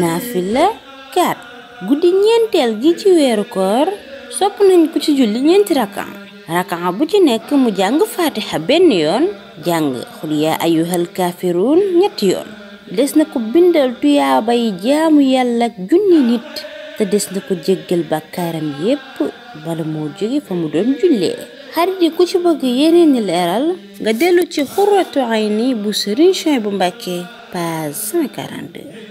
naafila 4 guddi ñeenteel gi ci weeru koor sopp nañ ko ci julli ñeenti rakkan rakkan bu ci nekk mu jàng faatixa benn yoon jàng xul yaa ayyuhal kaafiruun ñetti yoon des na ko bindal tuyaaba yi jaamu yàlla ak junni nit te des na ko jéggal bàkkaaram yépp bala moo jóge fa mu doon jullee xarit yi ku ci bëgg yeneen leeral nga dellu ci xurratu ayni bu Sëriñ Suwaybu bu Mbàkke page